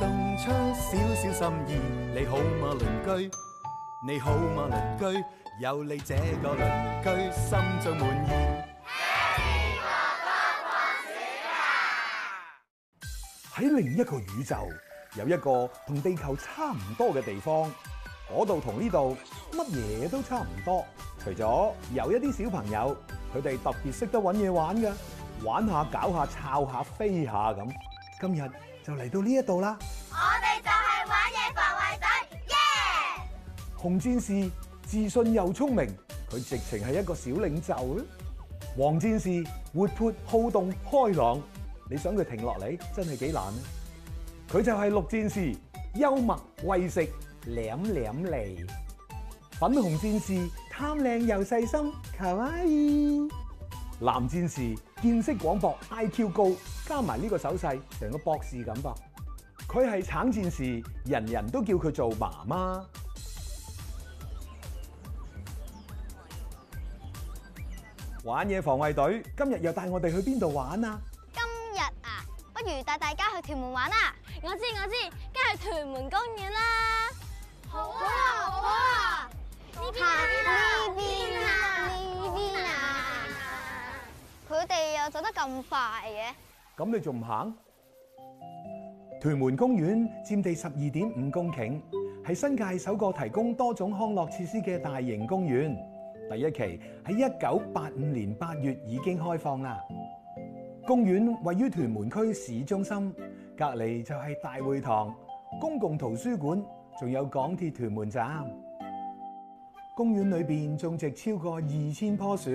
動出少少心意，你好嗎鄰居，你好嗎鄰居，有你這個鄰居，心中滿意，喺 另一個宇宙，有一個同地球差唔多嘅地方，嗰度同呢度乜嘢都差唔多，除咗有一啲小朋友，佢哋特別識得搵嘢玩㗎，玩下搞下，抄下一下，飛一下咁。今日又嚟到呢一度啦！我哋就係玩嘢防衛隊，耶！紅戰士自信又聰明，佢直情係一個小領袖。黃戰士活潑好動開朗，你想佢停落嚟真係幾難咧！佢就係綠戰士，幽默喂食舐舐脷。粉紅戰士貪靚又細心，卡哇伊。藍戰士。見識廣博，IQ 高，加埋呢個手勢，成個博士噉噃。佢係橙戰士，人人都叫佢做媽媽。玩嘢防衛隊，今日又帶我哋去邊度玩啊？今日啊，不如帶大家去屯門玩呀。我知我知，梗係屯門公園啦！好啊好啊，呢邊啦。得咁快嘅？咁你仲唔行？屯門公園佔地十二點五公頃，係新界首個提供多種康樂設施嘅大型公園。第一期喺一九八五年八月已經開放啦。公園位於屯門區市中心，隔離就係大會堂、公共圖書館，仲有港鐵屯門站。公園裏邊種植超過二千棵樹。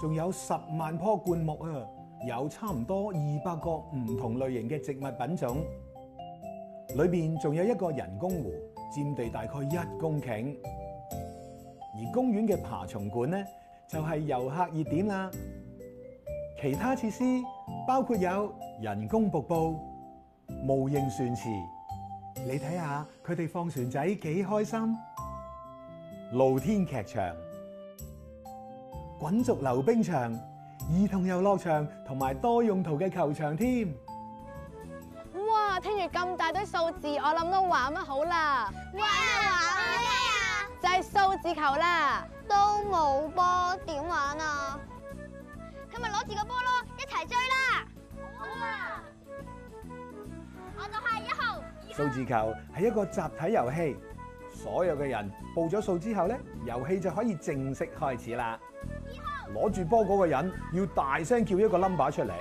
仲有十萬棵灌木啊，有差唔多二百個唔同類型嘅植物品種，裏邊仲有一個人工湖，佔地大概一公頃。而公園嘅爬蟲館呢，就係遊客熱點啦。其他設施包括有人工瀑布、模型船池，你睇下佢哋放船仔幾開心。露天劇場。滾軸溜冰場、兒童遊樂場同埋多用途嘅球場添。哇！聽住咁大堆數字，我諗都玩乜好啦？咩啊？玩咩啊？就係數字球啦。都冇波點玩啊？佢咪攞住個波囉，一齊追啦！好啊！我就係一號。數字球係一個集體遊戲，所有嘅人報咗數之後咧，遊戲就可以正式開始啦。攞住波嗰個人要大聲叫一個 number 出嚟，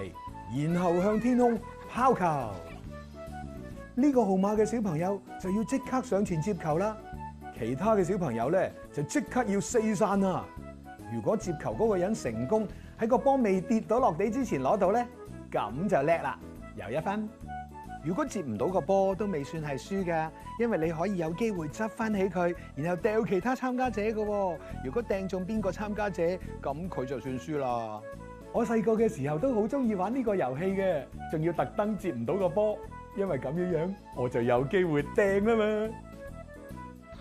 然後向天空拋球。呢個號碼嘅小朋友就要即刻上前接球啦。其他嘅小朋友咧就即刻要四散啦。如果接球嗰個人成功喺個波未跌到落地之前攞到咧，咁就叻啦，又一分。如果接唔到個波都未算係輸㗎，因為你可以有機會執翻起佢，然後釘其他參加者嘅。如果釘中邊個參加者，咁佢就算輸啦。我細個嘅時候都好中意玩呢個遊戲嘅，仲要特登接唔到個波，因為咁樣樣我就有機會釘吖嘛。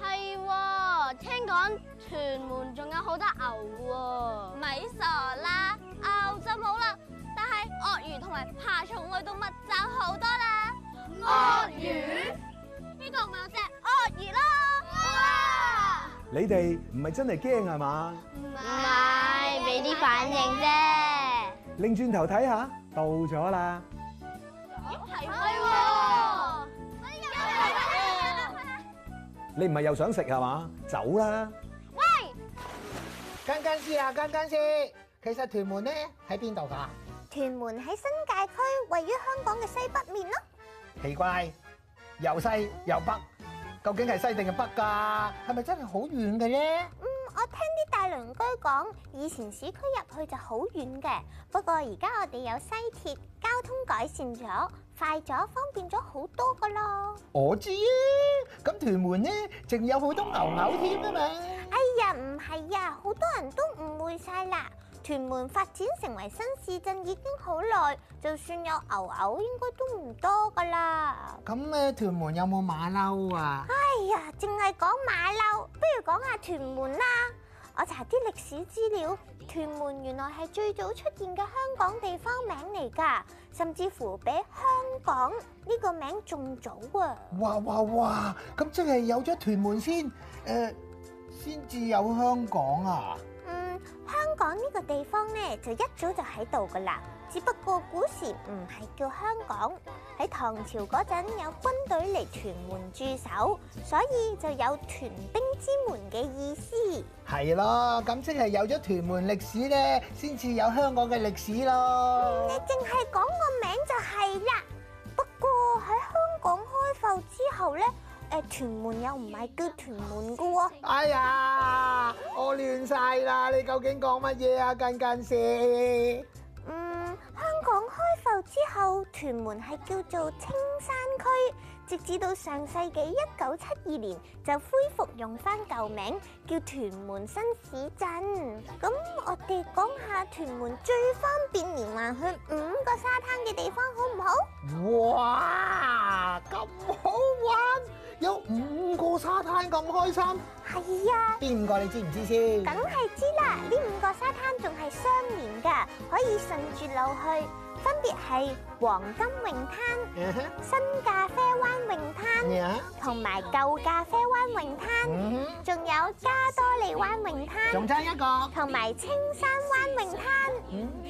係喎，聽講屯門仲有好多牛喎，咪傻啦，牛就冇啦，但係鱷魚同埋爬蟲類動物就好多。.鱷魚？呢個咪有隻鱷魚咯！哇！你哋唔係真係驚係嘛？唔係，俾啲反應啫。擰轉頭睇下，到咗啦。又係咩？你唔係又想食係嘛？走啦！喂，間間先啊，間間先。其實屯門呢喺邊度噶？屯門喺新界區，位於香港嘅西北面咯。奇怪，又西又北，究竟係西定係北噶啊？係咪真係好遠嘅啫？嗯，我聽啲大鄰居講，以前市區入去就好遠嘅，不過而家我哋有西鐵，交通改善咗，快咗，方便咗好多噶咯。我知道啊，咁屯門呢，仲有好多牛牛添啊嘛。哎呀，唔係啊，好多人都誤會晒啦。屯門發展成為新市鎮已經好耐，就算有牛牛應該、應該都唔多噶啦咁咧，屯門有冇馬騮啊？哎呀，淨係講馬騮，不如講下屯門啦。我查啲歷史資料，屯門原來係最早出現嘅香港地方名嚟噶甚至乎比香港呢個名仲早啊！哇哇哇！咁即係有咗屯門先，誒、呃，先至有香港啊！香港呢個地方呢，就一早就喺度噶啦。只不過古時唔係叫香港，喺唐朝嗰陣有軍隊嚟，屯門駐守，所以就有屯兵之門嘅意思。係咯，咁即係有咗屯門歷史呢，先至有香港嘅歷史咯。你淨係講個名就係啦，不過喺香。屯門又唔係叫屯門噶喎！哎呀，我亂晒啦！你究竟講乜嘢啊？近近事。嗯，香港開埠之後，屯門係叫做青山區，直至到上世紀一九七二年就恢復用返舊名，叫屯門新市鎮。咁我哋講下屯門最方便連環去五個沙灘嘅地方，好唔好？咁開心係呀？邊五、啊、個你知唔知先？梗係知啦！呢五個沙灘仲係相連噶，可以順住路去，分別係黃金泳灘、新咖啡灣泳灘、同埋舊咖啡灣泳灘，仲有加多利灣泳灘，仲差一個，同埋青山灣泳灘。嗯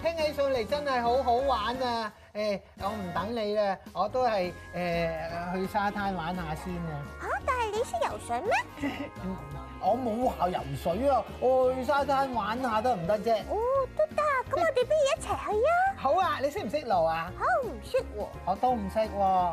聽起上嚟真係好好玩啊！誒，我唔等你啦，我都係誒去沙灘玩下先啊！嚇，但係你識游水咩？我冇學游水啊，我去沙灘玩下得唔得啫？哦，得得，咁我哋邊日一齊去啊？好啊，你識唔識路啊？我唔識喎。我都唔識喎。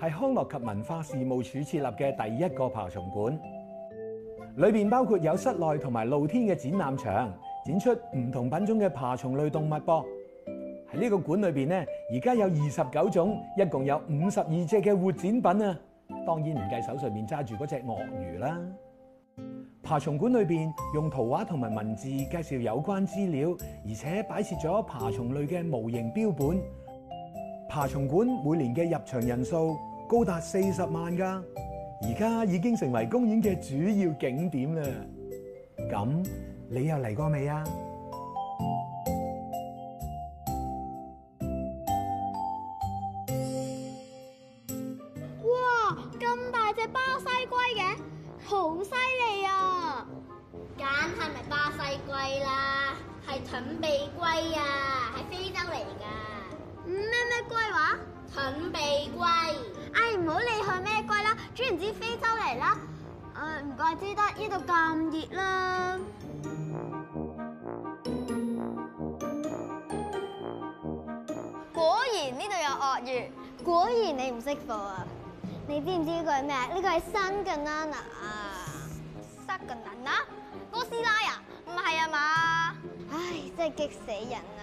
係康樂及文化事務署設立嘅第一個爬蟲館，裏邊包括有室內同埋露天嘅展覽場，展出唔同品種嘅爬蟲類動物噃。喺呢個館裏邊咧，而家有二十九種，一共有五十二隻嘅活展品啊！當然唔計手上面揸住嗰隻鱷魚啦。爬蟲館裏邊用圖畫同埋文字介紹有關資料，而且擺設咗爬蟲類嘅模型標本。爬蟲館每年嘅入場人數高達四十萬噶，而家已經成為公園嘅主要景點啦。咁你又嚟過未啊？知唔知非洲嚟啦？唉，唔怪之得呢度咁熱啦！果然呢度有鱷魚，果然你唔識貨啊！你知唔知呢個係咩？呢個係塞格納娜啊！塞格納娜哥斯拉啊？唔係啊嘛？唉，真係激死人啊！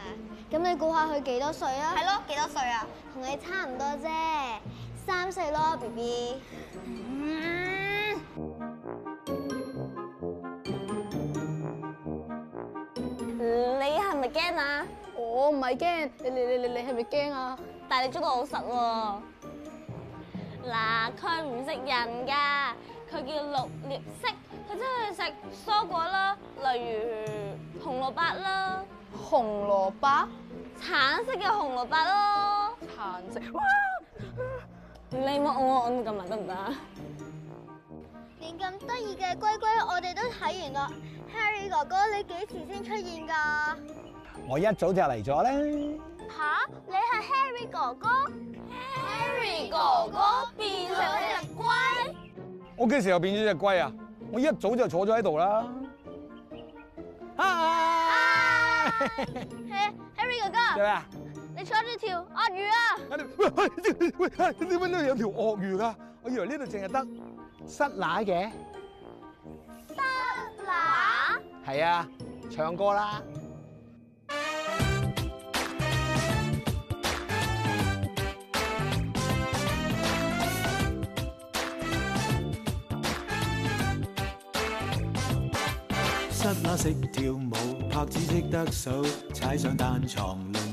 咁你估下佢幾多歲啊？係咯，幾多歲啊？同你差唔多啫。三歲咯，B B。你係咪驚啊？我唔係驚，你你你你你係咪驚啊？但係你捉到好實喎。嗱，佢唔識人㗎，佢叫綠鬣蜥，佢中意食蔬果啦，例如紅蘿蔔啦。紅蘿蔔？橙色嘅紅蘿蔔咯。橙色。哇你摸我，我今日得唔得？連咁得意嘅龜龜，我哋都睇完啦。Harry 哥哥，你幾時先出現噶？我一早就嚟咗咧。吓？你係 Harry 哥哥？Harry 哥哥變，了你變成隻龜？我幾時又變咗隻龜啊？我一早就坐咗喺度啦。Hi! Hi! Hey, Harry 哥哥。做坐住條鱷魚啊！喂喂喂，點解呢度有條鱷魚噶？我以為呢度淨係得失乸嘅。失乸？係啊，唱歌啦。失乸識跳舞，拍子識得數，踩上彈床龍。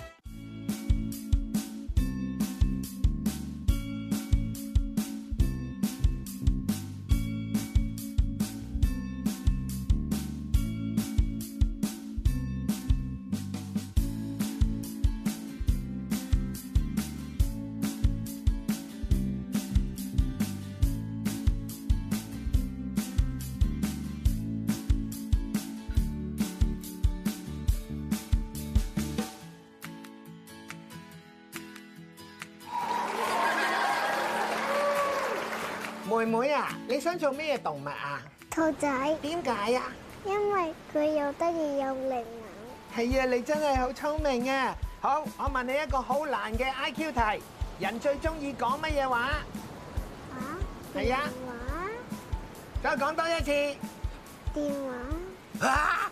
妹妹啊，你想做咩動物啊？兔仔。點解啊？因為佢又得意又靈敏。係啊，你真係好聰明啊！好，我問你一個好難嘅 IQ 題：人最中意講乜嘢話？啊？係啊。電話。再講多一次。電話。啊！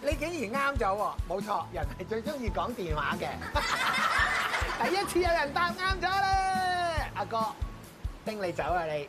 你竟然啱咗，冇錯，人係最中意講電話嘅。第一次有人答啱咗喇，阿哥，叮你走啦你。